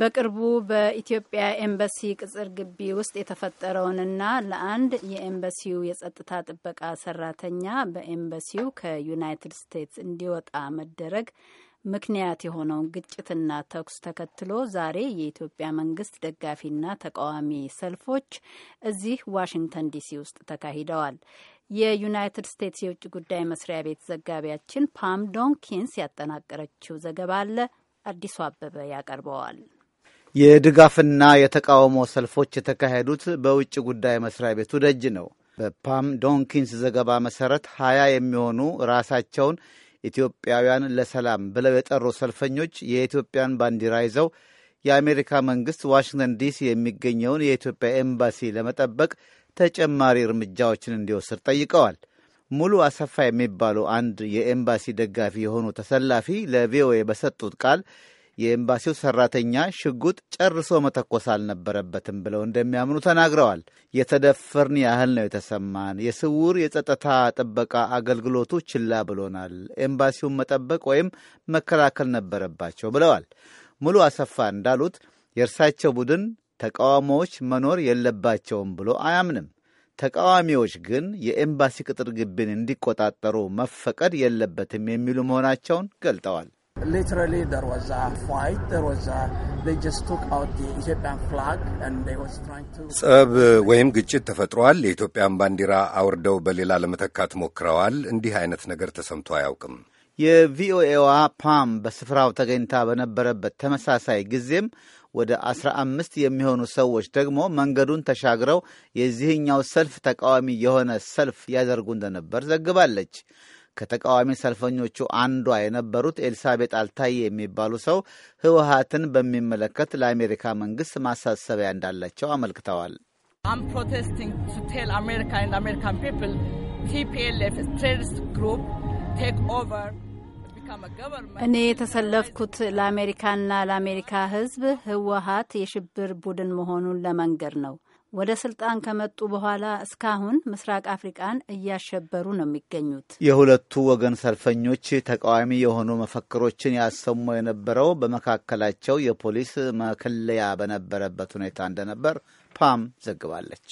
በቅርቡ በኢትዮጵያ ኤምባሲ ቅጽር ግቢ ውስጥ የተፈጠረውንና ለአንድ የኤምባሲው የጸጥታ ጥበቃ ሰራተኛ በኤምባሲው ከዩናይትድ ስቴትስ እንዲወጣ መደረግ ምክንያት የሆነውን ግጭትና ተኩስ ተከትሎ ዛሬ የኢትዮጵያ መንግስት ደጋፊና ተቃዋሚ ሰልፎች እዚህ ዋሽንግተን ዲሲ ውስጥ ተካሂደዋል። የዩናይትድ ስቴትስ የውጭ ጉዳይ መስሪያ ቤት ዘጋቢያችን ፓም ዶንኪንስ ያጠናቀረችው ዘገባ አለ። አዲሱ አበበ ያቀርበዋል። የድጋፍና የተቃውሞ ሰልፎች የተካሄዱት በውጭ ጉዳይ መስሪያ ቤቱ ደጅ ነው። በፓም ዶንኪንስ ዘገባ መሰረት ሀያ የሚሆኑ ራሳቸውን ኢትዮጵያውያን ለሰላም ብለው የጠሩ ሰልፈኞች የኢትዮጵያን ባንዲራ ይዘው የአሜሪካ መንግስት ዋሽንግተን ዲሲ የሚገኘውን የኢትዮጵያ ኤምባሲ ለመጠበቅ ተጨማሪ እርምጃዎችን እንዲወስድ ጠይቀዋል። ሙሉ አሰፋ የሚባሉ አንድ የኤምባሲ ደጋፊ የሆኑ ተሰላፊ ለቪኦኤ በሰጡት ቃል የኤምባሲው ሰራተኛ ሽጉጥ ጨርሶ መተኮስ አልነበረበትም ብለው እንደሚያምኑ ተናግረዋል። የተደፈርን ያህል ነው የተሰማን። የስውር የጸጥታ ጥበቃ አገልግሎቱ ችላ ብሎናል። ኤምባሲውን መጠበቅ ወይም መከላከል ነበረባቸው ብለዋል። ሙሉ አሰፋ እንዳሉት የእርሳቸው ቡድን ተቃዋሞዎች መኖር የለባቸውም ብሎ አያምንም። ተቃዋሚዎች ግን የኤምባሲ ቅጥር ግቢን እንዲቆጣጠሩ መፈቀድ የለበትም የሚሉ መሆናቸውን ገልጠዋል። ጸብ ወይም ግጭት ተፈጥሯል። የኢትዮጵያን ባንዲራ አውርደው በሌላ ለመተካት ሞክረዋል። እንዲህ አይነት ነገር ተሰምቶ አያውቅም። የቪኦኤዋ ፓም በስፍራው ተገኝታ በነበረበት ተመሳሳይ ጊዜም ወደ አስራ አምስት የሚሆኑ ሰዎች ደግሞ መንገዱን ተሻግረው የዚህኛው ሰልፍ ተቃዋሚ የሆነ ሰልፍ ያደርጉ እንደነበር ዘግባለች። ከተቃዋሚ ሰልፈኞቹ አንዷ የነበሩት ኤልሳቤጥ አልታዬ የሚባሉ ሰው ህወሀትን በሚመለከት ለአሜሪካ መንግስት ማሳሰቢያ እንዳላቸው አመልክተዋል። እኔ የተሰለፍኩት ለአሜሪካና ለአሜሪካ ህዝብ ህወሀት የሽብር ቡድን መሆኑን ለመንገር ነው። ወደ ስልጣን ከመጡ በኋላ እስካሁን ምስራቅ አፍሪቃን እያሸበሩ ነው የሚገኙት። የሁለቱ ወገን ሰልፈኞች ተቃዋሚ የሆኑ መፈክሮችን ያሰሙ የነበረው በመካከላቸው የፖሊስ መከለያ በነበረበት ሁኔታ እንደነበር ፓም ዘግባለች።